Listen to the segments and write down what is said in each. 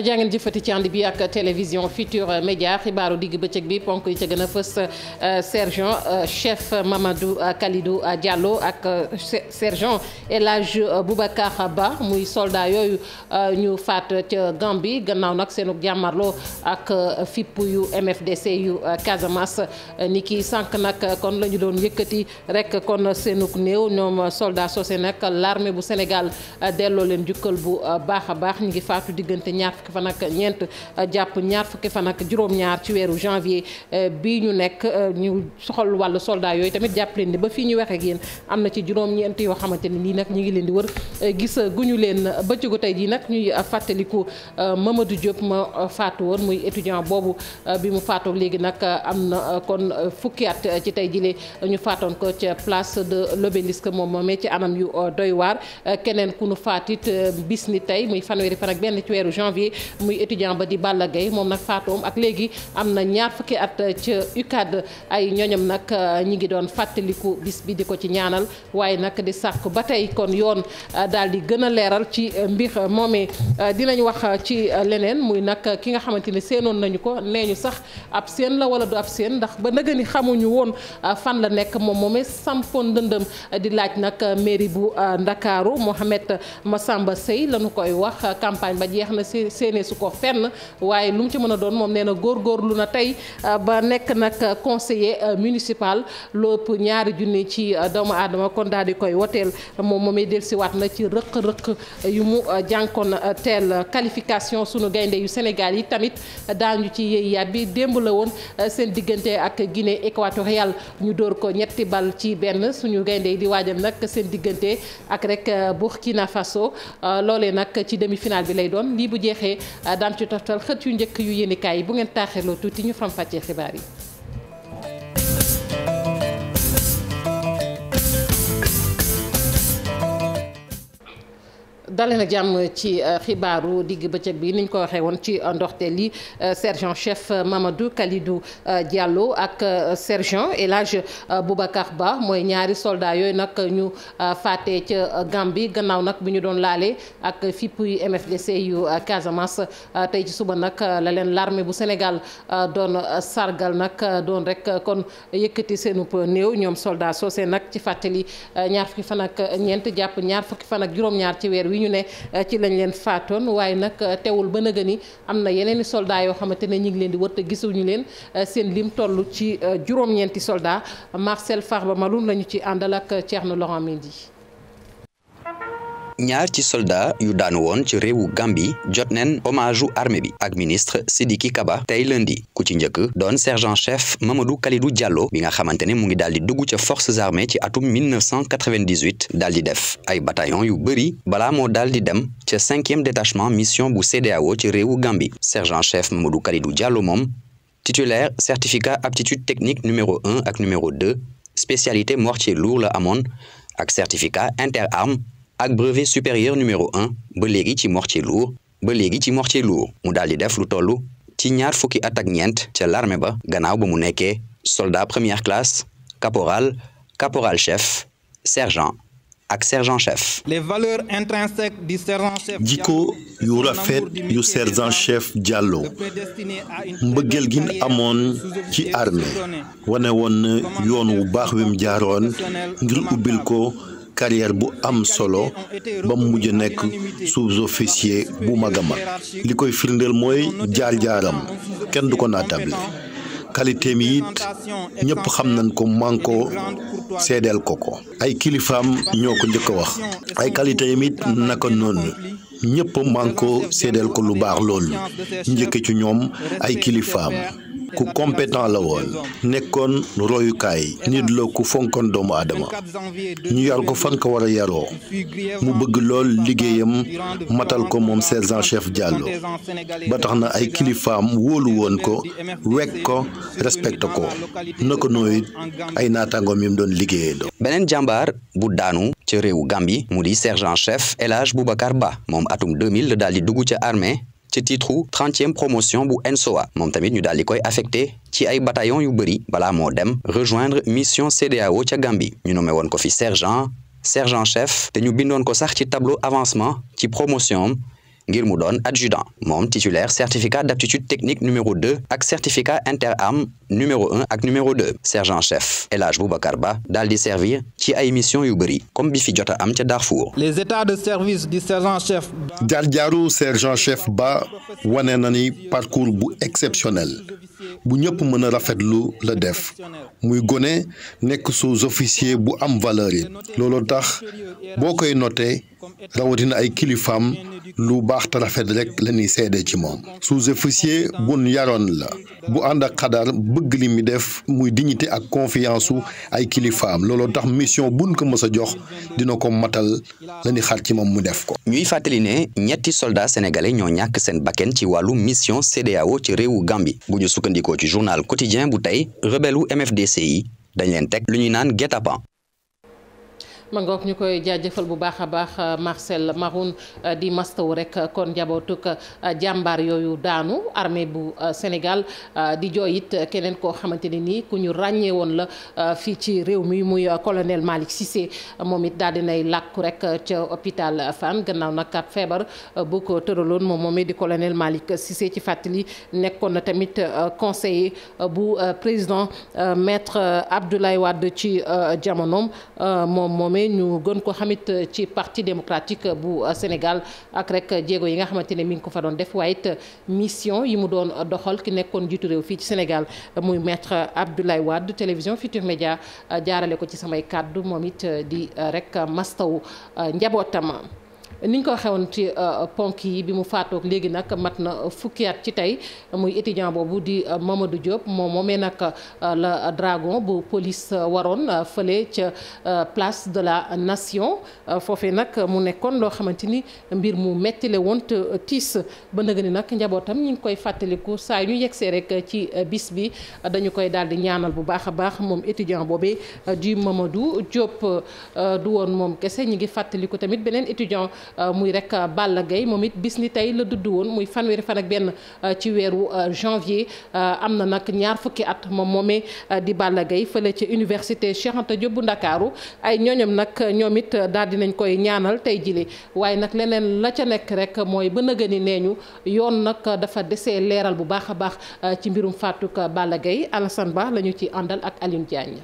jaa jëfati ci ànd bi ak télévision Futur Média xibaaru digg bëccëg bi ponk yi ca gën a fës euh, sergent euh, chef Mamadou euh, Kalidou Diallo ak sergent El Hadj Boubacar Ba muy soldat yooyu ñu faat ca Gambie gannaaw nag seenu jàmmarloo ak fipp yu MFDC yu Casamance ni ki sànq nag kon lañu doon yëkkati rek kon seenuk néew ñoom soldat sosé nag l'armée bu Sénégal delloo leen jukkal bu baax a baax ñu ngi faatu diggante ñaar fukki fan ñeent jàpp ñaar fukki fan ak juróom-ñaar ci weeru janvier eh, bii ñu nekk eh, ñu soxal wàllu soldaar yooyu tamit jàpp leen ni ba fii ñu waxee ak am na ci juróom-ñeent yoo xamante ni nii nag ñu ngi leen di wër eh, gis guñu leen bëccëgu tey jii nag ñuy fàttaliku Mamadou Diop ma faatu woon muy étudiant boobu bi mu faatoo léegi nag am na kon fukki at ci tey jile ñu faatoon ko ca place de l'obélisque moom moomee ci anam yu doy waar keneen ku nu faatit bis ni tey muy fanweeri fan benn ci weeru janvier Gueye muy étudiant ba di Balla Gueye moom nag faatoom ak léegi am na ñaar fukki at ca UCAD ay ñoñam nag euh, ñi ngi doon fàttaliku bis bi di ko ci ñaanal waaye nag di sàkk ba tey kon yoon euh, daal di gën a leeral ci euh, mbir moomee dinañ wax ci leneen muy nag ki nga xamante ni seenoon nañu ko nee ñu sax ab seen la wala du ab seen ndax ba nëga ni xamuñu woon fan la nekk moom moomee sampoon ndëndëm di laaj nag mairie bu Ndakaaru Mohamed Massamba Sey lañu koy wax campagne séenee su ko fenn waaye lu mu ci mën a doon moom nee na góorgóorlu na tey euh, ba nekk nag conseiller euh, municipal lépp ñaari junni ci euh, doomu aadama kon daal di koy woteel moom moom moomay dellusiwaat na ci rëq-rëq yu mu jànkoon teel qualification sunu gaynde yu Sénégal yi tamit daañu ci yéey yaat bi démb la woon seen diggante ak gine équatoriale ñu dóor ko ñetti bal ci benn suñu gaynde yi di waajal nag seen diggante ak rek Burkina Faso loolee nag ci demi-finale noppee euh, daan ci toftal xët yu njëkk yu yéenekaay yi bu ngeen taaxirloo tuuti ñu faram fàccee xibaar yi dale na jàmm ci euh, xibaaru digg bëccëg bi ni ñu ko waxee woon ci ndorteel li euh, sergent chef euh, Mamadou Kalidou Diallo ak sergent El Hadj Boubacar Ba mooy ñaari soldaa yooyu nag ñu fàtte ca Gambie gannaaw nag bi ñu doon laalee ak fippuy MFDC yu Casamance tey ci suba nag la leen l'armée bu Sénégal doon sargal nag doon rek kon yëkkati seenub néew ñoom soldat soosee nag ci fàttali ñaar fukki fan ak ñeent jàpp ñaar fukki fan ak juróom-ñaar ci weer wi ñu ne euh, ci lañ leen faatoon waaye nag euh, teewul ba nëga ni am na yeneen i soldats yoo xamante ne ñu ngi leen di wëtt gisuñu leen euh, seen lim toll ci juróom-ñeenti soldats Marcel Farba Malum lañu ci àndal ak Thierno Laurent Mendy ñaar ci soldat yu daanu woon ci réewu Gambie jot neen hommage u armée bi ak ministre Sidiki Kaba tey lundi ku ci njëkk doon sergent chef Mamadou Kalidou Diallo bi nga xamante ne mu ngi daal di dugg ca forces armées ci atum 1998 daal di def ay bataillon yu bëri balaa moo daal di dem ca cinquième détachement mission bu CEDEAO ci réewu Gambie sergent chef Mamadou Kalidou Diallo moom titulaire certificat aptitude technique numéro 1 ak numéro 2 spécialité mortier lourd la amoon ak certificat interarmes ak brevet supérieur numéro un ba léegi ci mortier lourd ba léegi ci mortier lourd mu daal di def lu toll ci ñaar fukki at ak ñeent ca l'armée ba gannaaw ba mu nekkee soldat première classe caporal caporal chef sergent ak sergent chef. les valeurs intrinsèques du jikko yu rafet yu sergent chef Diallo mbëggeel gi amoon ci armée wane woon yoon wu baax wi mu jaaroon ngir ubbil ko. carrière bu am solo ba mu mujj nekk sous-officier bu mag a mag li koy firndeel mooy jaar-jaaram kenn du ko naatable qualité mi it ñëpp xam nañ ko man ko seedeel ko ko ay kilifaam ñoo ko njëkk a wax ay qualité yi it naka noonu ñëpp man ko seedeel ko lu baax loolu njëkke ci ñoom ay kilifaam ku compétent la woon nekkoon royukaay nit la ku fonkoon doomu aadama ñu yar ko fan ko wara a yaroo mu bëgg lool liggéeyam matal ko moom sergent chef Diallo ba tax na ay kilifaam wóolu woon ko wekk ko respecté ko na ko nooy ay naataangoom yi mu doon liggéeyee doon. beneen jàmbaar bu daanu ca réewu Gambie mu di sergent chef El Hadj Boubacar Ba moom atum 2000 la daal di dugg ca armée. ci titre trentième promotion bu ENSOA moom tamit ñu daal di koy affecté ci ay bataillon yu bëri balaa moo dem rejoindre mission CEDEAO ca gambi ñu nommé woon ko fi sergent sergent chef te ñu bindoon ko sax ci tableau avancement ci promotion ngir mu doon adjudant moom titulaire certificat d'aptitude technique numéro 2 ak certificat am numéro 1 ak numéro 2 sergent chef El Hadj Boubacar Ba daal di servir ci ay mission yu bëri comme bi fi jot am ca Darfour. les états de service du sergent chef. jaar-jaaru sergent chef ba wane na ni parcours bu exceptionnel bu ñëpp mën a rafetlu la def muy gone nekk sous-officier bu am valeur yi looloo tax boo koy noté rawatina ay kilifaam. lu baax te rafet rek la ñuy seede ci moom sous-officier bun yaroon la bu ànd ak xadar bëgg li mi def muy dignité ak confiance su ay kilifaam looloo tax mission buñ ko mës a jox dina ko matal la ñuy xaar ci moom mu def ko. ñuy fàttali ne ñetti soldaa sénégalais ñoo ñàkk seen bakken ci wàllu mission CEDEAO ci réewu Gambie bu ñu sukkandikoo ci journal quotidien bu tey rebelu MFDC yi dañ leen teg lu ñuy naan guet-apens ma ngoog ñu koy jaajëfal bu baax a baax euh, Marcel Maroun euh, di wu rek euh, kon njabootuk jàmbaar yooyu daanu armee bu Sénégal di jooy keneen koo xamante ne nii ku ñu ràññee woon la fii ci réew mi muy colonel Malick Cissé moom it daal dinay làkku rek ca hôpital Fann gannaaw nag ab feebar bu ko tëraloon moom moomee di colonel Malick Cissé ci fàttali nekkoon na tamit conseiller bu président maître Abdoulaye Wade ci jamonoom moom moomee amee ñu gën ko xamit euh, ci parti démocratique bu euh, Sénégal ak rek jéego yi nga xamante ne mi ngi ko fa doon def waaye it euh, mission yi mu doon doxal ki nekkoon jiitu réew fii ci Sénégal muy maître Abdoulaye Wade télévision Futur Média jaarale ko ci samay kàddu moom it di rek mastaw njabootam. ni ñu ko waxee woon ci euh, ponk yi bi mu faatoog léegi nag mat na fukki at ci tey muy étudiant boobu di euh, Mamadou Diop moom moomee nag euh, la dragon bu police waroon fële ca place de la nation foofee nag mu nekkoon loo xamante ni mbir mu metti woon te tiis ba nëgëni nag njabootam ñu ngi koy fàttaliku saa ñu yegsee rek ci bis bi dañu koy daal di ñaanal bu baax a baax moom étudiant boobee di Mamadou Diop du woon moom kese ñu ngi fàttaliku tamit beneen étudiant. Euh, muy rek euh, Balla Gaye moom it bis ni tey la dudd woon muy fanweeri fan ak benn euh, ci weeru janvier am na nag ñaar fukki at moom moomee di Balla Gaye fële ci université Cheikh Anta Ndakaaru ay ñooñam nag ñoom it daal nañ koy ñaanal tey jile waaye nag leneen la ca nekk rek mooy ba nëgëni nee ñu yoon nag dafa desee leeral bu baax a baax ci mbirum fàttuk Balla Gaye Alassane Ba la ñu ci àndal ak Alioune Diagne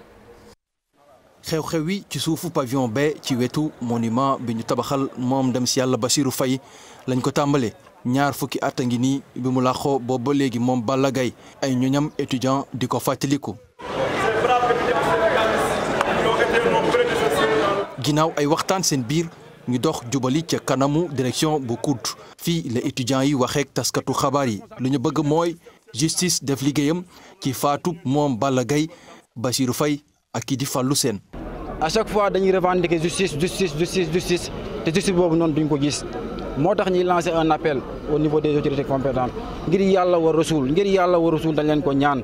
xew-xew yi ci suufu pavillon ba ci wetu monument bi ñu tabaxal moom dem si yàlla Bassirou Faye lañ ko tàmbalee ñaar fukki at a ngi nii bi mu làqoo booba léegi moom Balla gay ay ñoñam étudiant di ko fàttaliku. ginnaaw ay waxtaan seen biir ñu dox jubali ca kanamu direction bu COUD fii la étudiants yi waxeek taskatu xabaar yi lu ñu bëgg mooy justice def liggéeyam ci faatu moom Balla gay Bassirou fay ak kii di Fallou Sène à chaque fois dañuy revendiquer justice justice justice justice te justice boobu noonu duñ ko gis moo tax ñuy lancer un appel au niveau des autorités compétentes ngir yàlla war rasul ngir yàlla war rasul dañ leen ko ñaan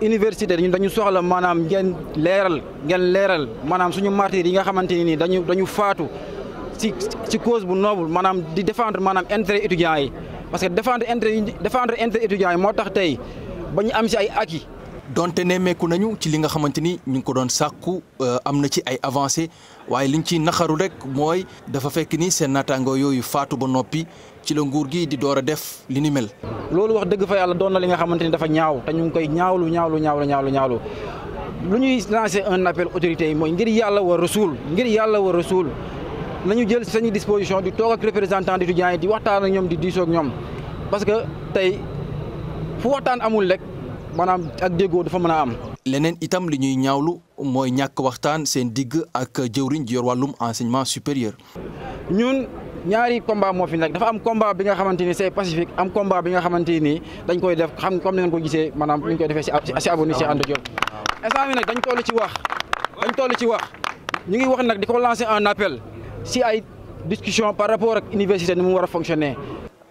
université dañu dañu soxla maanaam ngeen leeral ngeen leeral maanaam suñu martyr yi nga xamante ni nii dañu dañu faatu ci ci cause bu noble maanaam di défendre maanaam intérêt étudiants yi parce que défendre intérêt défendre intérêt étudiants yi moo tax tey ba ñu am si ay acquis donte nemmeeku nañu ci li nga xamante ni ñu ngi ko doon sàkku euh, am na ci ay avancées waaye liñ ci naxaru rek mooy dafa fekk ni seen naataangoo yooyu faatu ba noppi ci la nguur gi di door a def li ni mel. loolu wax dëgg fa yàlla doon na li nga xamante ni dafa ñaaw te ñu ngi koy ñaawlu ñaawlu ñaawlu ñaawlu ñaawlu lu ñuy lancer un appel autorité yi mooy ngir yàlla war rasuul ngir yàlla war rasuul nañu jël sañu disposition di toog ak représentant d'étudiants yi di waxtaan ñoom di diisoo ñoom parce que tey fu waxtaan amul rek. maanaam ak déggoo dafa mën a am. leneen itam li ñuy ñaawlu mooy ñàkk waxtaan seen digg ak jëwriñ ji yor wàllum enseignement supérieur. ñun ñaari combat moo fi nekk dafa am combat bi nga xamante ni c'est pacifique am combat bi nga xamante ni dañ koy def xam comme ni ngeen ko gisee maanaam ni koy defee si si abonné si ànd jot. instant bi nag dañ toll ci wax dañ toll ci wax ñu ngi wax nag di ko lancer en appel si ay discussion par rapport ak université ni mu war a fonctionner.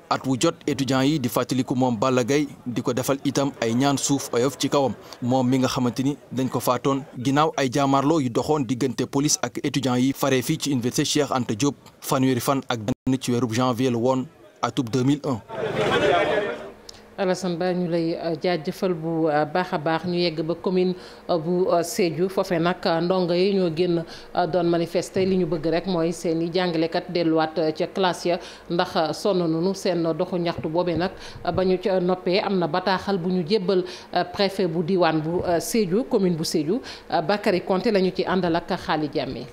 at wu jot étudiants yi di fàttaliku moom Balla Gaye di ko defal itam ay ñaan suuf oyof ci kawam moom mi nga xamante ni dañ ko faatoon ginnaaw ay jaamarloo yu doxoon diggante police ak étudiants yi faree fii ci université Cheikh ante Diop fanweeri fan ak benn ci weerub janvier la woon atub 2001 Alassane Ba ñu lay euh, jaajëfal bu euh, baax a baax ñu yegg ba commune euh, bu Sédhiou foofee nag ndongo yi ñoo génn doon manifester li ñu bëgg rek mooy seen i jàngalekat delluwaat ca classe ya ndax sonn nañu seen doxu ñaxtu boobee nag ba ñu ca noppee am na bataaxal bu ñu jébbal préfet bu diwaan bu Sédhiou commune bu Sédhiou Bakary konte la ñu ci àndal ak Xaali Jàmme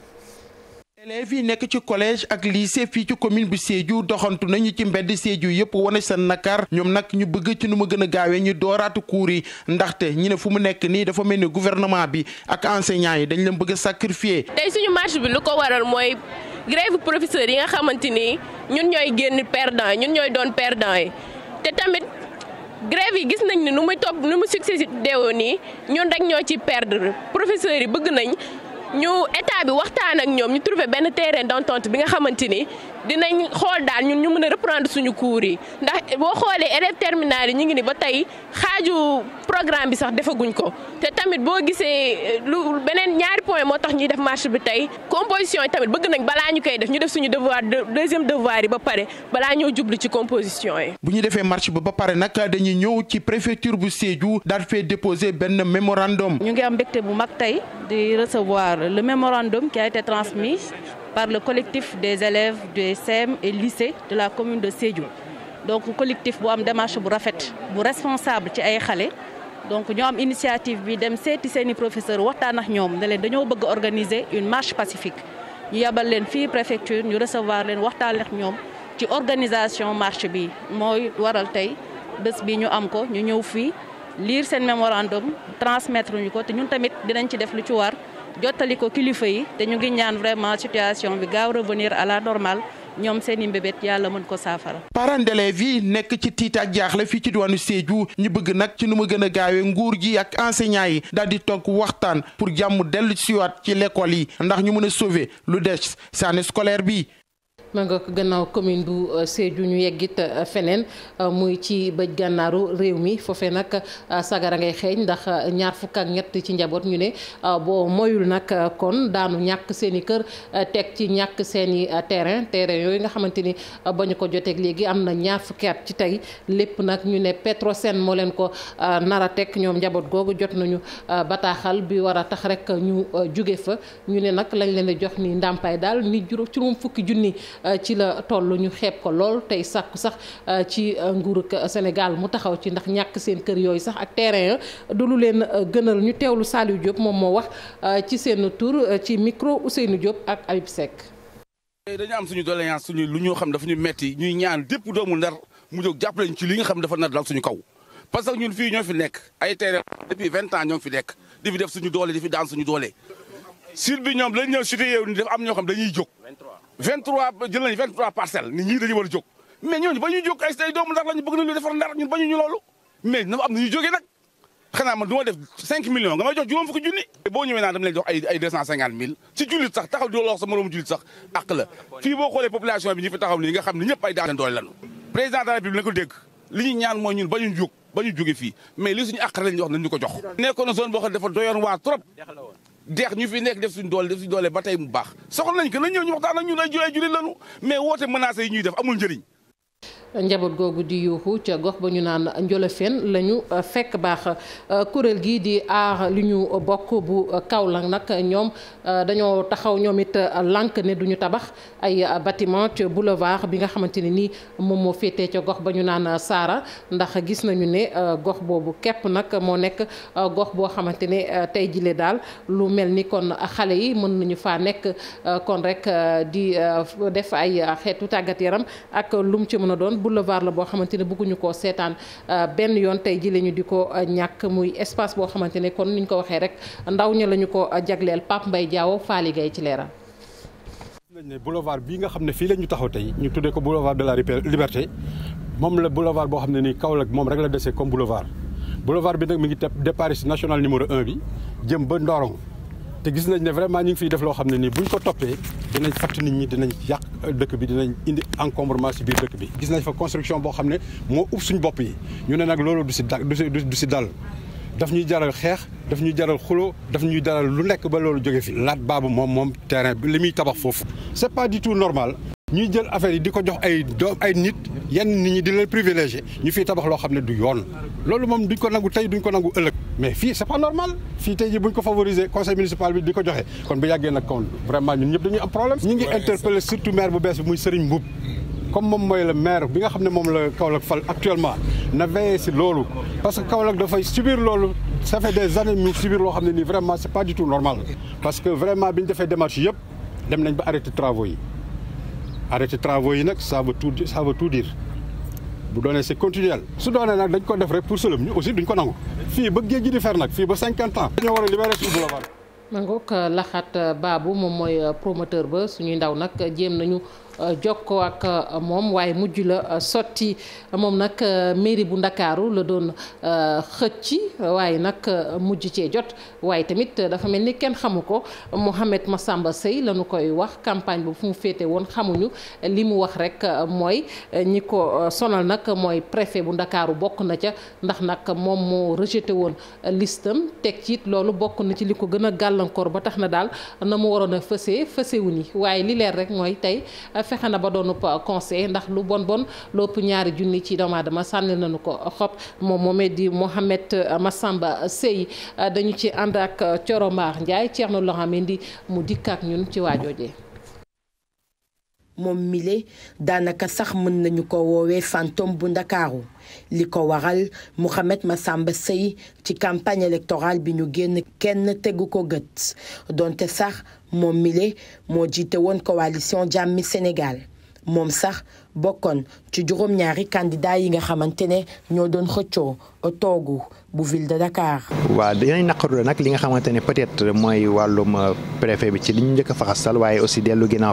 élèves yi nekk ci collège ak lycée fii ci commune bu Sédhiou doxantu nañu ci mbedd Sédhiou yëpp wane seen nakar ñoom nag ñu bëgg ci nu ma gën a gaawee ñu dooraatu cours yi ndaxte ñi ne fu mu nekk nii dafa mel ni gouvernement bi ak enseignants yi dañ leen bëgg a sacrifier. tey suñu marche bi lu ko waral mooy grève professeur yi nga xamante ni ñun ñooy génn perdant ñun ñooy doon perdant yi te tamit. grève yi gis nañ ni nu muy topp nu mu succès deewoo nii ñun rek ñoo ci perdre professeurs yi bëgg nañ ñu état bi waxtaan ak ñoom ñu trouver benn terrain d'entente bi nga xamante ni dinañ xool daal ñun ñu mën a reprendre suñu cours yi ndax boo xoolee élèves terminale yi ñu ngi ni ba tey xaaju programme bi sax defaguñ ko te tamit boo gisee euh, lu beneen ñaari point moo tax ñuy def marché bi tey composition yi tamit bëgg nañ balaa ñu koy def ñu def suñu devoir deuxième devoir yi ba pare balaa ñoo jublu ci composition yi. bu ñu defee marché bi ba pare nag dañuy ñëw ci préfecture bu Sédhiou daal fee déposer benn mémorandum. ñu ngi am mbégte bu mag tey di le mémorandum qui a été transmis par le collectif des élèves des CM et lycée de la commune de Sédhiou donc collectif bu am démarche bu rafet bu responsable ci ay xale donc ñoo am initiative bi dem seeti seeni professeur waxtaan ak ñoom ne dañoo bëgg organiser une marche pacifique ñu yabal leen fii préfecture ñu recevoir leen waxtaan ak ñoom ci organisation marche bi mooy waral tey bés bi ñu am ko ñu ñëw fii liir seen mémorandum transmettre ñu ko te ñun tamit dinañ ci def lu ci war jottali ko kilifa yi te ñu ngi ñaan vraiment situation bi gaaw revenir à la normale ñoom seeni i yàlla mën ko saafara. parents d'élèves nekk ci tiit ak jaaxle fii ci diwaanu Sédhiou ñu bëgg nag ci nu mu gën a gaawee nguur gi ak enseignants yi daal di toog waxtaan pour jàmm dellu siwaat ci l'école yi ndax ñu mën a sauver lu des année scolaire bi. ma nga ko gannaaw commune bu euh, Sédhiou ñu yegg it euh, feneen euh, muy ci bëj gànnaaru réew mi foofee nag sagara ngay xeeñ ndax ñaar fukk ak ñett ci njaboot ñu ne boo moyul nag kon daanu ñàkk seen i kër teg ci ñàkk seeni i terrain terrain yooyu nga xamante ni ba ko joteeg léegi am na ñaar fukki ci tey lépp nag ñu ne Petrosen moo leen ko nara a ñoom njaboot googu jot nañu bataaxal bi war a tax rek ñu jóge fa ñu ne nag lañ leen di jox ni ndàmpaay daal ni juróom fukki junni Euh, ci la toll ñu xeeb ko lool tey sàkku sax euh, ci euh, nguurug Sénégal mu taxaw ci ndax ñàkk seen kër yooyu sax ak terrain du lu leen gënal ñu teewlu Saliou Diop moom moo wax ci seen tur ci micro Ousseynou Diop ak Habib Seck. dañu am suñu doléance suñu lu ñu xam dafa ñu metti ñuy ñaan dépp doomu ndar mu jóg jàppale ñu ci li nga xam dafa nar dal suñu kaw parce que ñun fii ñoo fi nekk ay terrain depuis vingt ans ñoo fi nekk difi def suñu doole di fi daan suñu doole. sud bi ñoom lañ ñëw sud yow ni def am ñoo xam dañuy jóg 23 jël nañ 23 parcelles dañu war a jóg mais ñooñu ba ay say doomu ndar lañu bëgg nañu defar ndar ñun bañu ñu loolu mais na am na ñuy jógee nag xanaa man du ma def 5 millions nga may jox jullit sax taxaw di wax sa moromu jullit sax ak la fii boo xoolee population bi ñi fi taxaw nii nga xam doole lañu. président de la république ko dégg li ñu ñaan mooy ñun bañu jóg bañu jóge fii mais li suñu àq lañ wax nañ ñu ko jox. nekkoon na zone boo xam ne dafa deex ñu fi nekk def suñu doole def suñu doole ba tey mu baax soxla nañ ko nañ ñëw ñu waxtaan ak ñun ay jullit lañu mais woote menaces yi ñuy def amul njëriñ njaboot googu di yuuxu ca gox ba ñu naan Njolofeen la ñu euh, fekk baax euh, kuréel gi di aar li ñu bokk bu Kaolack nag ñoom euh, dañoo taxaw ñoom it lànk ne duñu tabax ay bâtiment ca boulevard bi nga xamante ni nii moom moo féetee ca gox ba ñu naan Saara ndax gis nañu ne gox boobu képp nag moo nekk gox boo xamante ne tey jile daal lu mel ni kon xale yi mën nañu faa nekk kon rek di def ay xeetu tàggat yaram ak lum ci mën doon. yoon boulevard la boo xamante ne bëgguñu koo seetaan euh, benn yoon tey ji la ñu di ko euh, ñàkk muy espace boo xamante ne kon niñ ko waxee rek ndaw ña la ñu ko euh, jagleel Pape mbay Diawo Faly ci leeral. lañ ne boulevard bii xam ne fii la ñu taxaw tey ñu tuddee ko boulevard de la liberté moom la boulevard boo xam ne nii Kaolack moom rek la desee comme boulevard boulevard bi nag mi ngi tepp départ national numéro 1 bi jëm ba Ndorong. te gis nañ ne vraiment ñu ngi fiy def loo xam ne nii buñ ko toppee dinañ fatt nit ñi dinañ yàq dëkk bi dinañ indi encombrement si biir dëkk bi. gis nañ fa construction boo xam ne moo ub suñ bopp yi ñu ne nag loolu du si da du si dal daf ñuy jaral xeex daf ñuy jaral xulo daf ñuy jaral lu nekk ba loolu jóge fi. laat baabu moom moom terrain bi li muy tabax foofu. c'est pas du tout normal. ñuy jël affaire yi di ko jox ay doom ay nit yenn nit ñi di leen privilégié ñu fiy tabax loo xam ne du yoon loolu moom duñ ko nangu tey duñ ko nangu ëllëg mais fii c'est pas normal fii tey ji buñ ko favoriser conseil municipal bi di ko joxe kon bu yàggee nag kon vraiment ñun ñëpp dañuy am problème ñi ngi interpeller surtout maire bu bees bi muy Serigne Mboup comme moom mooy la maire bi nga xam ne moom la Kaolack fal actuellement na veillé si loolu parce que Kaolack dafay subir loolu ça fait des années mu subir loo xam ne nii vraiment c'est pas du tout normal parce que vraiment bi ñu defee démarche yëpp ba arrêté travaux yi arrêté travaux yi nag ça veut tout ça veut bu doonee c'est continuel su doonee nag dañ ko def rek pour sëlëm ñu aussi duñ ko nangu fii ba géej gi di fer nag fii ba cinquante ans dañoo war a libérer suñu boulevard mangook laxaat baabu moom mooy euh, promoteur ba suñu ndaw nag jéem nañu Euh, jokkoo ak euh, moom waaye mujj la euh, sotti moom nag mairie bu ndakaaru la doon xëcci waaye nag mujj cee jot waaye tamit dafa mel ni kenn xamu ko Mouhamed ma Seye la lañu koy wax campagne bu fu mu féete woon xamuñu li mu wax rek mooy ñi ko sonal nag mooy préfet bu ndakaaru bokk na ca ndax nag moom moo rejeté woon listam teg ci loolu bokk na ci li ko gën a gàllankoor ba tax na daal na mu waroon a fësee nii waaye li leer rek mooy tey fexe na ba doonub conseil ndax lu bon bon lopp ñaari junni ci doomu aadama sànni nañu ko xob moom moomee di Mohamed Massamba Sey dañu ci ànd ak Thioro Mbaar Ndiaye Thierno Laurent Mendy mu dikk ak ñun ci waajoojee moom mile daanaka sax mën nañu ko woowee fantôme bu ndakaaru li ko waral Mouhamed Massamba sey ci campagne électorale bi ñu génn kenn tegu ko gët donte sax moom mile moo jiite woon coalition jàmmi Sénégal moom sax bokkoon ci juróom-ñaari candidat yi nga xamante ne ñoo doon xëccoo toogu bu ville de Dakar. waaw dinañ naqarlu nag li nga xamante ne peut-être mooy wàllum euh, préfet bi ci li ñu njëkk a faxasal waaye aussi dellu ginnaaw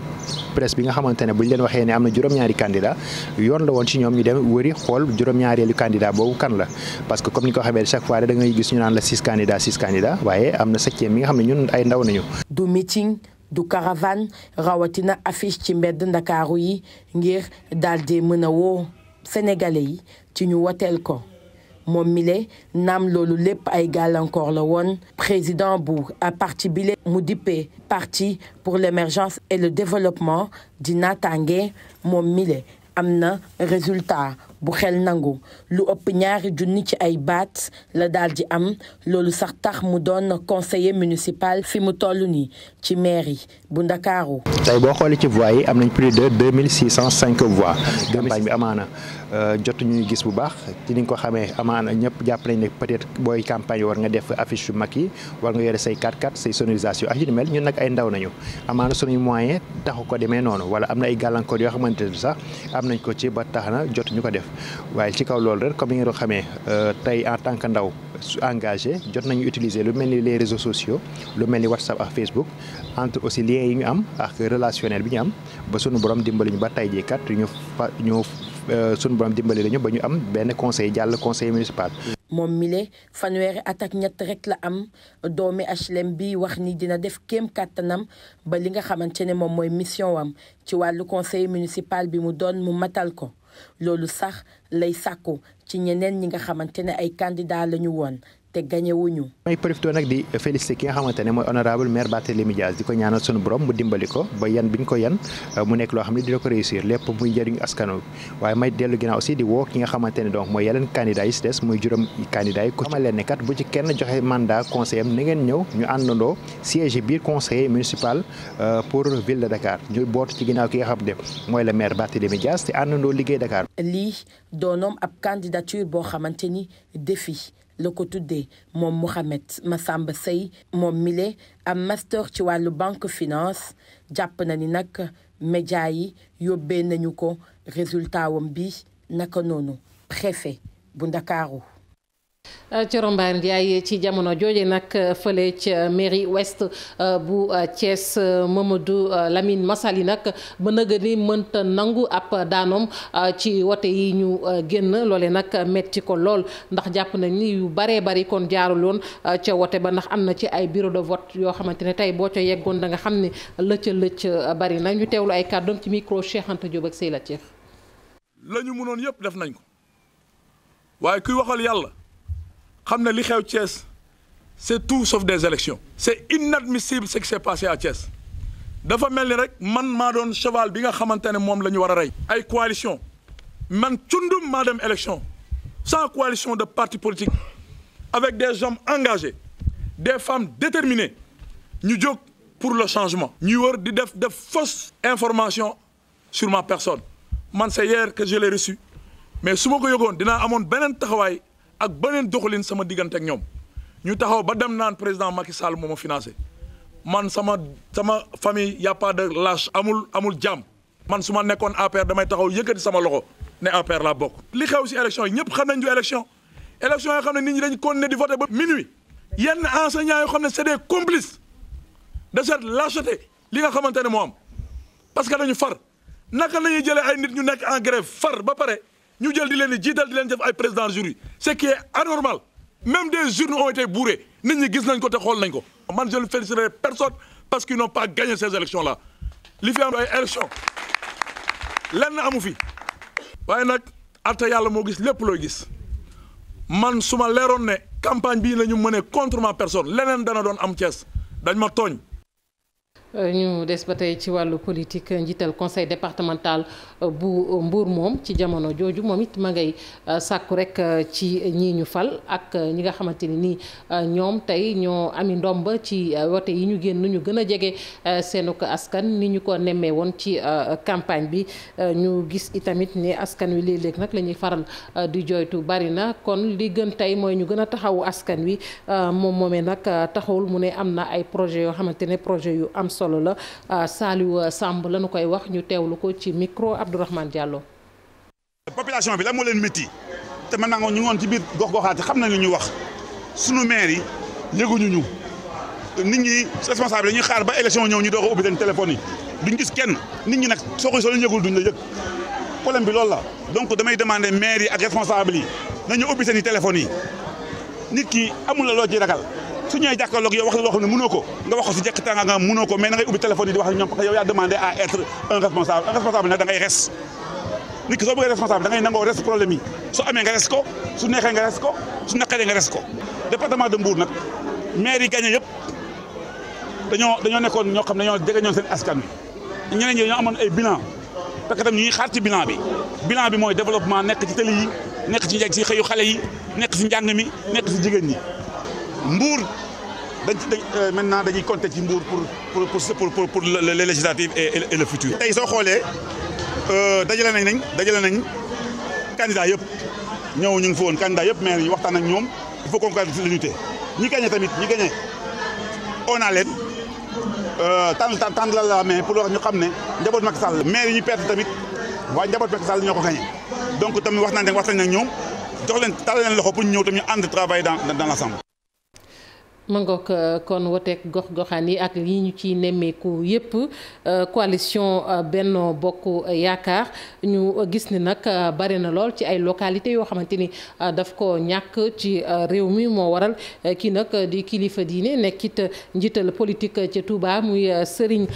presse bi nga xamante ne bu leen waxee ne am na juróom-ñaari candidat yoon la woon ci ñoom ñu dem wëri xool juróom-ñaareelu candidat boobu kan la parce que comme ni ko xamee chaque fois da ngay gis ñu naan la six candidats six candidats waaye am na septième mi nga xam ne ñun ay ndaw nañu. du meeting. du caravane rawatina affiche ci mbedd ndakaaru yi ngir daal di mën a woo sénégalais yi ci ñu woteel ko moom mile naam loolu lépp ay gàllankoor la woon président bu à parti bile mu dippee parti pour l'émergence et le développement di naataange moom mile am na résultat bu xel nangu lu ëpp ñaari junni ci ay baat la daal di am loolu sax tax mu doon conseiller municipal fi mu toll nii ci mairie bu Ndakaaru. tey boo xoolee ci voies yi am nañ pris de deux mille six cent cinq voies. campagne bi amaana euh, jotu ñu gis bu baax ci ni ko xamee amaana ñëpp jàpp nañ ne peut-être booy campagne war nga def affiche yu mag yi war nga yore say 4x4 say sonorisation ak yu mel ñun nag ay ndaw nañu amaana suñuy moyen taxu ko demee noonu wala am na ay gàllankoor yoo xamante ne sax am nañ ko ci ba tax na jotuñu ko def waaye ci kaw loolu rek comme ni nga ko xamee euh, tey en tant que ndaw. su engagé jot nañu utiliser lu mel ni les réseaux sociaux lu mel ni WhatsApp ak Facebook entre aussi lien yi ñu am ak relationnel bi ñu am ba sunu borom dimbali ñu ba tey jii kat ñu fa ñu euh, sunu borom dimbali lañu ba ñu am benn conseil jàll conseil municipal. moom mile fanweeri at ak ñett rek la am doomi HLM bi wax ni dina def kem kàttanam ba li nga xamante ne moom mooy mission wam ci wàllu conseil municipal bi mu doon mu matal ko. loolu sax lay sàkku ci ñeneen ñi nga xamante ne ay candidat lañu woon te gagné wuñu may profité nag di félicité ki nga xamante ne mooy honorable maire Barthélémy Dias di ko ñaanal sunu borom mu dimbali ko ba yan bi ñu ko yan euh, mu nekk loo xam ne dina ko réussir lépp muy jëriñ askano waaye may dellu ginnaaw aussi di woo ki nga xamante donc mooy yeneen candidat yi si des muy juróom candidat yi ko xamal leen kat bu ci kenn joxe mandat conseil am na ngeen ñëw ñu àndandoo siège biir conseil municipal euh, pour ville de Dakar ñu bootu ci xam mooy le maire Barthélémy Dias te àndandoo liggéey Dakar lii doonoom ab candidature boo xamante la ko tuddee moom Mouhamed Massamba Sey moom mile am master ci wàllu banque finance jàpp na ni nag média yi yóbbee nañu ko résultat wam bi naka noonu préfet bu Ndakaaru Thioro euh, Mbaye Ndiaye ci jamono jooje nag euh, fële ca mairie ouest euh, bu Thiès Mamadou Lamine Massaly nag ba nëga ni mënta nangu ab daanoom ci wote yi ñu génn loole nag metti ko lool ndax jàpp nañ ni yu baree bari kon jaarul woon ca wote ba ndax am na ci ay bureau de vote yoo xamante ne tey boo ca yeggoon da nga xam ne lëcc lëcc bari na ñu teewlu ay kàddoom ci micro Cheikh Anta ak Seyla Thief. la ñu mënoon yëpp def nañ ko waaye kuy waxal yàlla. xam na li xew Thiès c'est tout sauf des élections c'est inadmissible ce qui s'est passé à Thiès dafa mel ni rek man maa doon cheval bi nga xamante ne moom la ñu war a rey ay coalition man cundum maa dem élection sans coalition de partis politiques avec des hommes engagés des femmes déterminées ñu jóg pour le changement ñu wër di def def fausses information sur ma personne man c'est hier que je l'ai reçu mais su ma ko yogoon dinaa amoon beneen taxawaay ak beneen doxalin sama diggante ak ñoom ñu taxaw ba dem naan président Macky Sall moo ma financé man sama sama famille y a pas amul amul jàmm man su ma nekkoon APR damay taxaw yëkkati sama loxo ne APR laa bokk. li xew si élection yi ñëpp xam nañ du élection élection yoo ne nit ñi dañ continuer di voter ba minuit yenn enseignants yoo xam ne c'est des complices de cette lâcheté li nga xamante ne moo am parce que dañu far naka la ñuy jëlee ay nit ñu nekk en grève far ba pare. ñu jël di leen jiital di leen def ay président jury ce qui est anormal même des journaux ont été bourrés nit ñu gis nañ ko te xool nañ ko man jël je ne féliciterai personne parce qu'ils n'ont pas gagné ces élections la li fi am ay élection lenn amu fi waaye nag atte yàlla moo gis lépp looy gis man su ma leeroon ne campagne bii nañu ñu contrement personne leneen dana doon am Thiès dañ ma tooñ ñu des ba tey ci wàllu politique njiital conseil départemental euh, bu Mbour moom ci jamono jooju moom it ma ngay euh, sàkku rek euh, ci ñii ñu fal ak ñi nga xamante ni nii ñoom tey ñoo ami ndomb ci wote yi ñu génn ñu gën a jege seenuk askan ni ñu ko nemmee woon ci campagne bi ñu gis itamit ni askan wi léeg-léeg nag la faral di joytu bari na kon li gën tey mooy ñu gën a taxawu askan wi moom moomee nag taxawul mu ne am na ay projet yoo xamante ne projet yu am solo solo la Saliou Samb la ñu koy wax ñu teewlu ko ci micro Abdourahmane Diallo. population bi la moo leen métti te mën naa ñu ngoon ci biir gox-goxaat xam na li ñuy wax sunu maire yi yëguñu ñu nit ñi responsable dañuy xaar ba élection ñëw ñu doog a ubbi seen téléphone yi duñ gis kenn nit ñi nag soo koy soxla yëgul duñ la yëg problème bi loolu la donc damay demander maire yi ak responsable yi nañu ubbi seen i yi nit ki amul la ci ragal. su ñëwee jàkkaarloog yow wax la loo xam ko nga wax ko si jekk tànga nga mënoo ko mais na ngay ubbi téléphone yi di wax ak ñoom parce yaa demandé à être un responsable un responsable nag da ngay res nit ki soo bëggee responsable da ngay nangoo res problème yi su amee nga res ko su neexee nga res ko su naqaree nga res ko département de Mbour nag maire yi gagné yëpp dañoo dañoo nekkoon ñoo xam ne ñoo jege ñoon seen askan wi ñeneen ñi dañoo amoon ay bilan parce que tam ñuy bi bilan bi mooy développement nekk ci tëli nekk ci njëg si xëyu xale yi nekk si njàng mi nekk si jigéen ñi dañ ci dañ euh, maintenant dañuy compter ci Mbour pour pour pour pour les législatives et le futur. tey soo xoolee euh, dajale nañ nañ dajale nañ candidat yëpp ñëw ñu ngi fa woon candidat yëpp maire yi waxtaan ak ñoom il faut qu'on garde l'unité ñi gagné tamit ñi gagné on a leen euh, tànn tànn la la mais pour ñu xam ne njaboot Macky Sall mais yi ñu perte tamit waa njaboot Macky Sall ñoo ko gagné donc tamit wax nañ ne waxtaan ak ñoom jox leen tàll leen loxo pour ñu ñëw tamit ñu ànd travail dans dans l'ensemble ma ngoog euh, kon woteek gox-goxaan yi ak yi ñu ci nemmeeku yépp euh, coalition euh, benn Bokk Yaakaar ñu gis ni nag bari na lool ci ay localité yoo xamante ni daf ko ñàkk ci réew mi moo waral kii nag di kilifa diine nekkit njiital politique ca Touba muy Serigne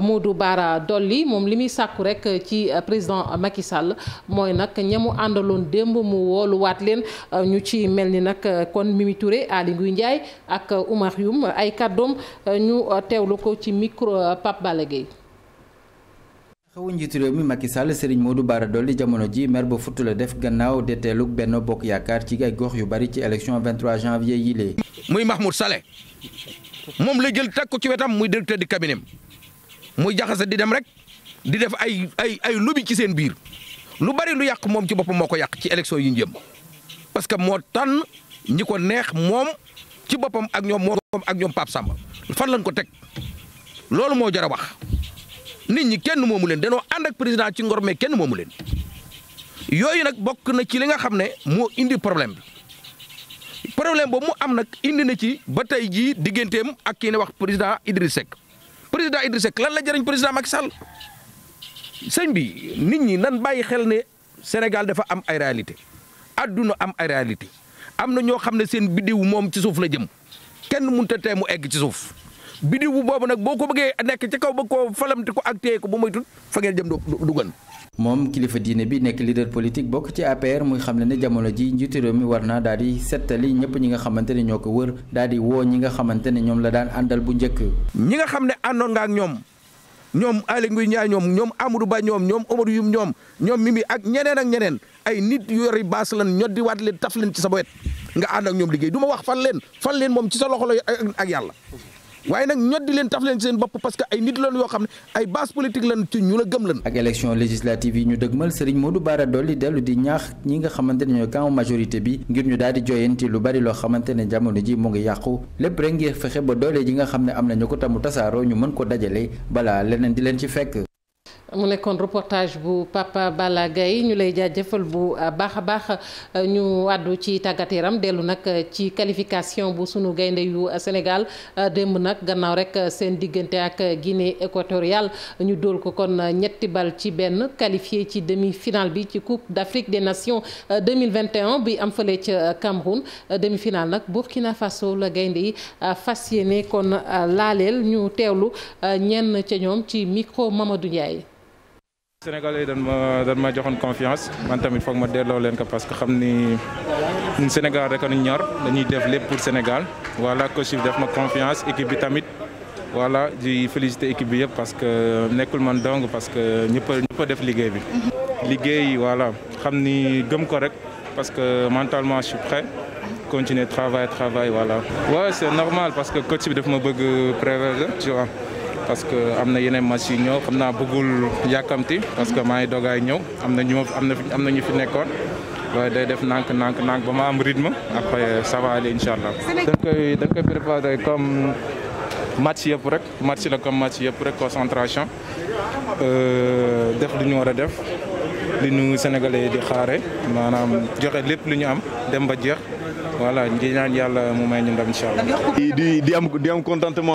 Modou Bara Dolly moom li muy sàkku rek ci président Macky Sall mooy nag ñamu àndaloon démb mu wooluwaat leen ñu ci mel ni nag kon Mimi Touré Aly Ngouille Ndiaye ak Oumar Youm ay kàddoom euh, ñu euh, teewlu ko ci micro euh, Pape Balla Gueye xawu njiitu réew mi Macky Sall Serigne Modou Bara Dolly jamono ji mer ba futt la def gannaaw deteelug benn bokk yaakaar ci ay gox yu bari ci élection 23 janvier yi lee muy Mahmoud Saleh moom la jël teg ko ci wetam muy directeur di cabinet muy jaxase di dem rek di def ay ay ay lobby ci seen biir lu bari lu yàq moom ci boppam moo ko yàq ci élection yi ñu jëm moo tànn ñi ko neex moom ci boppam ak ñoom moo ak ñoom Pape Samba fan lañ ko teg loolu moo jar a wax nit ñi kenn moomu leen danoo ànd ak président ci ngor mais kenn moomu leen yooyu nag bokk na ci li nga xam ne moo indi problème bi problème boobu mu am nag indi na ci ba tey jii digganteem ak kii ne wax président Idriss Seck président Idriss Seck lan la jëriñ président Macky sal sëñ bi nit ñi nan bàyyi xel ne Sénégal dafa am ay réalité adduna am ay réalité am na ñoo xam ne seen biddiw moom ci suuf la jëm kenn mënut a tee mu egg ci suuf biddiw bu boobu nag boo ko bëggee nekk ci kaw ba koo falamti ko ak téye ko bu moytul fa ngeen jëm du gën. moom kilifa diine bi nekk leader politique bokk ci APR muy xam ne ne jamono ji njiitu réew mi war naa daal di settali ñëpp ñi nga xamante ne ñoo ko wër daal di woo ñi nga xamante ne ñoom la daan àndal bu njëkk. ñi nga xam ne àndoon nga ak ñoom. ñoom Aly Ngouille Ndiaye ñoom ñoom Amadou Ba ñoom ñoom Oumar Youm ñoom ñoom Mimi ak ñeneen ak ñeneen ay nit yori baas lan ñoddi waat leen taf leen ci sa nga ànd ak ñoom liggéey du ma wax fan leen fan leen moom ci sa loxolo la ak yàlla waaye nag ñoddi leen taf leen seen bopp parce que ay nit lan yoo xam ne ay base politique lan ci ñu la gëm lan ak élection législative yi ñu dëgmal Serigne Modou Bara Dolly dellu di ñaax ñi nga xamante ne ñooy camp majorité bi ngir ñu daal di lu bari loo xamante ne jamono ji mu ngi yàqu lépp rek ngir fexe ba doole ji nga xam ne am na ñu ko tamu tasaaroo ñu mën ko dajale bala leneen di leen ci fekk mu nekkoon reportage bu Papa Balla Gaye ñu lay jaajëfal bu baax a baax ñu wàddu ci tàggat yaram dellu nag ci qualification bu sunu gaynde yu Sénégal démb nag gannaaw rek seen diggante ak Guinée équatoriale ñu dóol ko kon ñetti bal ci benn qualifié ci demi-finale bi ci Coupe d'Afrique des Nations 2021 bi am fële ca Cameroun demi-finale nag Burkina Faso la gaynde yi fas yéene kon laaleel ñu teewlu ñenn ca ñoom ci micro Mamadou Ndiaye sénégal yi dañ ma dañ ma joxoon confiance man tamit foog ma delloo leen ko parce que xam ni Sénégal rek a ñu ñor dañuy def lépp pour Sénégal voilà coach bi def ma confiance équipe bi tamit voilà ji féliciter équipe bi yëpp parce que nekkul man dong parce que ñëpp a ñëpp def liggéey bi. liggéey voilà xam ni gëm ko rek parce que mentalement je suis prêt. continuer travail travail voilà. waaw c'est normal parce que coach bi def ma bëgg préserver tu parce que am na yeneen match yu ñëw xam naa bëggul yàkkamti parce que maa ngi doogaay ñëw am na ñu am na am na ñu fi nekkoon waaye day def nànk nànk nànk ba ma am rythme après ça va aller allah. da koy da koy préparé comme match yëpp rek match la comme match yëpp rek concentration euh, def lu ñu war a def li ñu sénégalais di xaare maanaam joxe lépp lu ñu am dem ba jeex. voilà di naan yàlla mu may ñu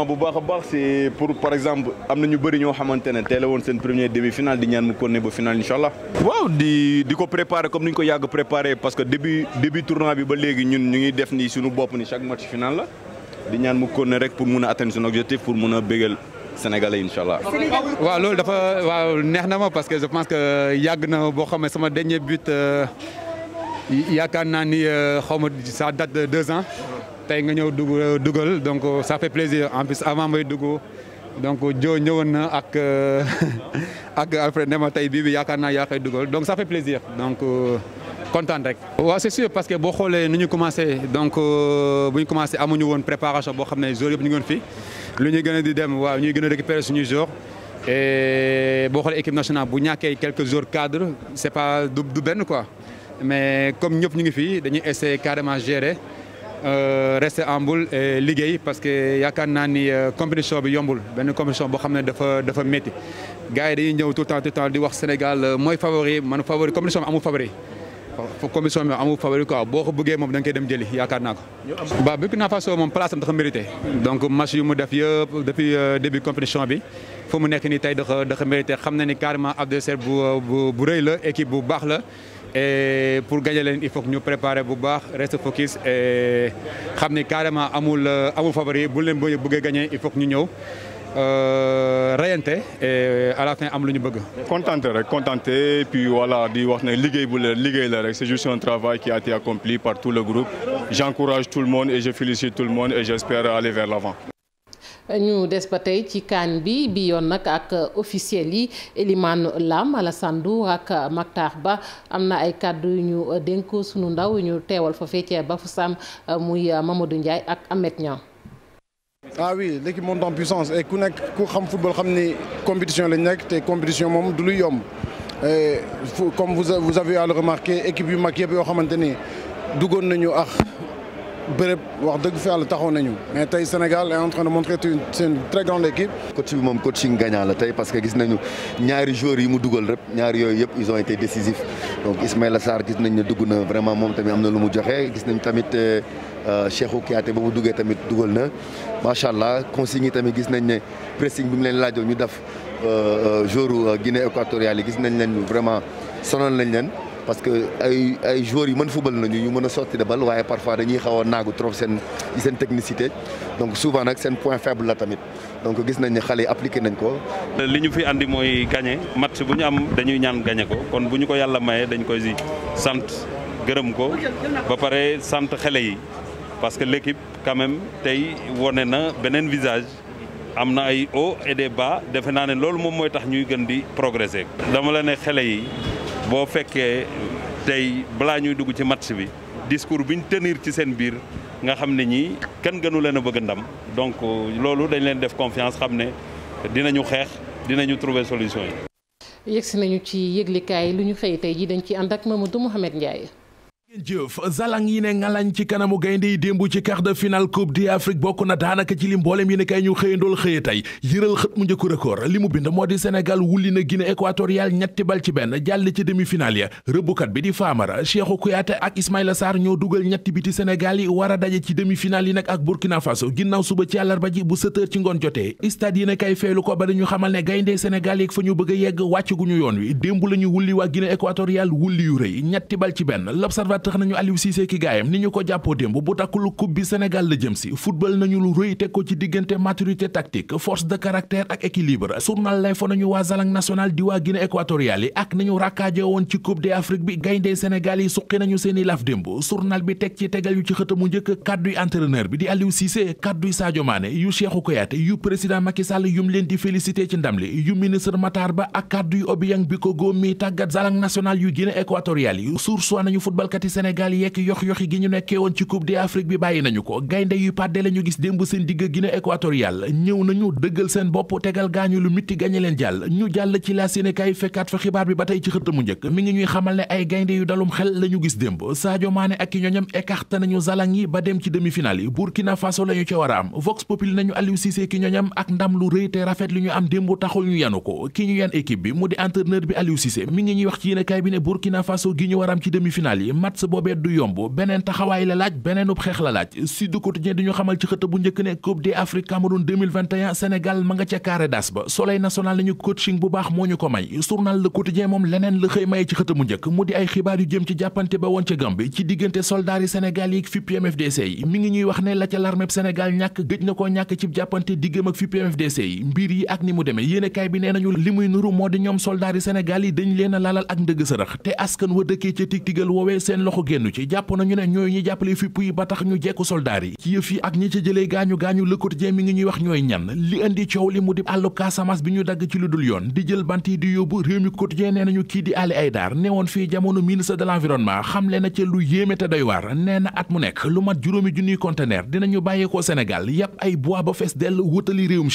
bu baax baax c'est pour par exemple am na ñu bëri ñoo xamante ne teel a woon seen premier demi final di ñaan mu konne ba waaw di ko préparer comme ni ñu ko yàgg préparer parce que début début tournoi bi ba léegi ñun ñu ngi def ni suñu bopp ni chaque match final la di ñaan mu konne rek pour mun a atteindre son objectif pour mun a bégal. Sénégalais incha allah. waaw loolu dafa neex na ma parce que je pense que yàgg na boo xam ne sama dernier but. Euh, yaakaar naa ni euh, xaw ma ça date de deux ans tey nga ñëw dugg euh, dugal donc euh, ça fait plaisir en plus avant may dugg donc jo ñëwoon na ak ak Alfred ne ma tey bii bi yaakaar naa yaa dugal donc ça fait plaisir donc kontaan rek. waa c'est sûr parce que boo xoolee nu ñu commencer donc bu ñu commencé amuñu woon préparation boo xam ne joueurs yëpp ñu ngi fii lu ñuy gën a di dem waaw ñuy gën a récupérer suñuy joueurs. et boo xoolee équipe nationale bu ñàkkee quelques jours cadre c'est pas du du benn quoi. mais comme ñëpp ñu ngi fii dañuy essayer carrément gérer euh, rester en boule et liggéey parce que yaakaar naa ni euh, compétition bi yombul benn compétition boo xam ne dafa dafa métti gars yi ñëw tout le temps di wax Sénégal euh, mooy favori man favori compétition bi amul favori. commission bi amul favori quoi boo ko bëggee moom da nga dem jëli yaakaar naa ko. ba Burkina Faso moom place am dafa mérité. donc mu def yëpp depuis début compétition bi fu mu nekk nii tey dafa dafa mérité xam na ni carrément adversaire bu bu bu rëy la équipe bu baax la. et pour gagner leen il faut que ñu préparer bu baax reste focus et xam ni carrément amul euh, amul favori bu leen bëggee gagner il faut que ñu ñëw euh, rayante et à la fin am lu ñu bëgg. contenté rek contenté puis voilà di wax ne liggéey bu la liggéey la rek c'est juste un travail qui a été accompli par tout le groupe j'encourage tout le monde et je félicite tout le monde et j'espère aller vers l'avant ñu des ba tey ci kaan bi bi yoon nag ak officiel yi Elimane Lam Alassane Ndour ak Mactar Ba am na ay kàddu yu ñu dénk sunu ndaw yu ñu teewal fa fekkee ba fu sam muy mamadu Ndiaye ak Ahmed Niang. ah oui l'équipe monte en puissance et ku nekk ku xam football xam ni compétition lañ nekk te compétition moom du luy yomb comme vous vous avez à le équipe yu mag yëpp yoo xamante ni duggoon nañu ax bërëb wax dëgg fi yàlla taxaw nañu mais tey Sénégal est en train de montrer une très grande équipe. coach bi moom coaching gagnant la tey parce que gis nañu ñaari joueurs yi mu dugal rek ñaari yooyu yëpp ils ont été décisifs donc Ismaïla saar gis nañ ne dugg na vraiment moom tamit am na lu mu joxe gis nañ tamit euh, euh, Cheikhou Kouyaté ba mu duggee tamit dugal na macha allah consigne tamit gis nañ ne pressing bi mu leen laajoon ñu def euh, joueur Guinée équatoriale yi gis nañ leen vraiment sonal nañ leen. parce que ay ay joueurs yu mën football nañu ñu mën a sotti de bal waaye parfois dañuy xaw a naagu trop seen seen technicité donc souvent nag seen point faible la tamit donc gis nañ ne xale yi appliqué nañ ko. li ñu fi andi mooy gagné match bu ñu am dañuy ñaan gagné ko kon bu ñu ko yàlla mayee dañ koy si sant gërëm ko ba pare sant xale yi parce que l' équipe tey wone na beneen visage. am na ay hauts et des bas defe naa ne loolu moom mooy tax ñuy gën di progresser. dama la ne xale yi. boo fekkee tey balaa ñuy dugg ci match bi discours biñ tenir ci seen biir nga xam ne ñii kenn gënu leen bëgg ndam donc loolu dañ leen def confiance xam ne dinañu xeex dinañu trouver solution yi. yegsi nañu ci yëglikaay lu ñu xëy tey jii dañ ci ànd ak Mamadou Mouhamed Ndiaye. jëf zalang yi ne ngalañ ci kanamu gaynde yi démb ci quart de finale coupe d'Afrique bokk na daanaka ci jàll ci demi-finale ya rëbbukat bi di Famara Cheikhou Kouyaté ak Ismaïla Sarr ñoo dugal ñetti biti Sénégal yi war a daje ci demi-finale yi nag ak Burkina Faso ginnaaw suba ci àllarba bu sept ci ngoon jotee stade yi ne kay feelu ko ba dañu xamal ne gaynde Sénégal yeeg fa ñu bëgg a yegg wàcc yoon wi démb la wulli waa Guinée équatoriale wulli yu rëy ñetti bal ci benn tax nañu Aliou Cissé ki gaayam ni ñu ko jàppoo démb bu takkul coupe bi Sénégal la jëm si football nañu lu rëy teg ko ci diggante maturité tactique force de caractère ak équilibre journal lay fa nañu waa Zalang national di waa Guinée équatoriale yi ak nañu rakkaaje woon ci coupe d'Afrique bi gayndee Sénégal yi suqi nañu seeni laf démb journal bi teg ci tegal yu ci xëtamu njëkk kàdduy entraîneur bi di Aliou Cissé kàdduy Sadio yu Cheikhou Kouyaté yu président Macky leen di félicité ci ndam li yu ministre Matar Ba ak kàdduy Obiang Biko Gomis mi tàggat Zalang national yu Guinée yi Sénégal yeeg yox-yoxi gi ñu nekkee woon ci Coupe d'Afrique bi bàyyi nañu ko gaynde yu pàdde la ñu gis démb seen digg Guinée équatoriale ñëw nañu dëggal seen bopp tegal gaañu lu mitti gañe leen jàll ñu jàll ci la Sénégal fekkaat fa xibaar bi ba tey ci xëtt mu njëkk mi ngi ñuy xamal ne ay gaynde yu dalum xel la ñu gis démb Sadio Mané ak i ñoñam écarté nañu zalang yi ba dem ci demi-finale yi Burkina Faso la ñu ca war a am Vox Populi nañu Aliou Cissé ki ak ndam lu rëy te lu ñu am démb taxul ñu yanu ko ki ñu yan équipe bi mu di ngi ñuy wax ci yéenekaay bi ne Burkina Faso gi ñu waram ci demi-finale yi match match boobee du yomb beneen taxawaay la laaj beneenub xeex la laaj Sud Quotidien di xamal ci xët bu njëkk ne Coupe d'Afrique Cameroun 2021 Sénégal ma nga ca carré d'as ba Soleil national nañu coaching bu baax moo ñu ko may journal Le Quotidien moom leneen la xëy maye ci xët bu njëkk mu di ay xibaar yu jëm ci jàppante ba woon ca Gambie ci diggante soldaar yi Sénégal yi FIP mi ngi ñuy wax ne la ca l'armée Sénégal ñàkk gëj na koo ñàkk ci jàppante diggam bi nee li muy nuru moo a loxo génnu ci jàpp nañu ne ñooy ñi jàppale fipp yi ba tax ñu jekku soldaar yi ci yëf yi ak ñi ca jëlee gaañu gaañu Le mi ngi ñuy wax ñooy ñan li indi coow li mu di àllu Casamance bi ñu dagg ci lu dul yoon di jël bant yi di yóbbu réew mi Quotidien nee nañu kii di Ali Haïdar newoon fii jamono ministre de l'environnement xamle na ca lu yéeme te doy waar na at mu nekk lu mat juróomi junniy conteneur dinañu bàyyeekoo Sénégal yàpp ay bois fees dell wutali réewum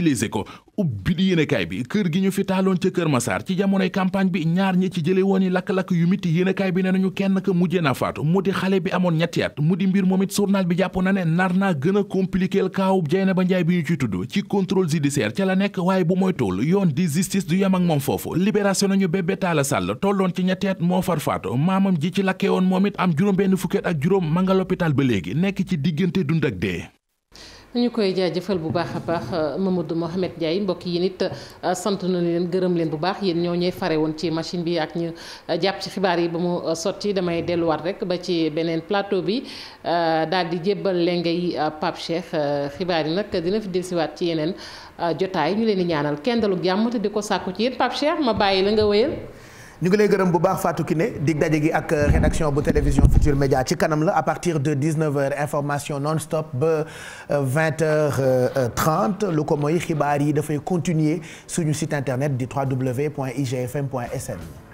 ci Les Échos ubbi di yéenekaay bi kër gi ñu fi taaloon ca Kër Masaar ci jamonoy campagne bi ñaar ñi ci jële woon yi lakk-lakk yu mit yéenekaay bi ne nañu kenn ka mujjee na faatu mu di xale bi amoon ñetti at mu di mbir moom it journal bi jàpp na ne nar naa gën a compliqué kaawu Dieynaba Ndiaye bi ñu ciy tudd ci contrôle judiciaire ca la nekk waaye bu mooy yoon di justice du yem moom foofu libération nañu Bébé Talla Sall tolloon ci ñetti at moo far faatu maamam ji ci moom it am juróom benn fukket ak juróom ma nga ba léegi nekk ci diggante dund ak dañu koy jaajëfal bu baax a baax euh, Mamadou Mohamed Ndiaye mbokk yi nit euh, sant na leen gërëm leen bu baax yéen ñoo ñuy fare woon ci machine bi ak ñu euh, jàpp ci xibaar yi ba mu sotti damay delluwaat rek ba ci beneen plateau bi daal di jébbal lengay Pape Cheikh xibaar yi nag dina fi dellusiwaat ci yeneen jotaay ñu leen di ñaanal kenn dalu jàmm te di ko sàkku ci yéen Pape Cheikh ma bàyyi la nga wéyal. ñu ngi lay gërëm bu baax ki ne dig daje gi ak euh, rédaction bu télévision Futur Média ci kanam la à partir de 19h information non stop ba 20h30 euh, euh, lu ko mooy xibaar yi dafay continuer suñu site internet di point www.igfm.sn.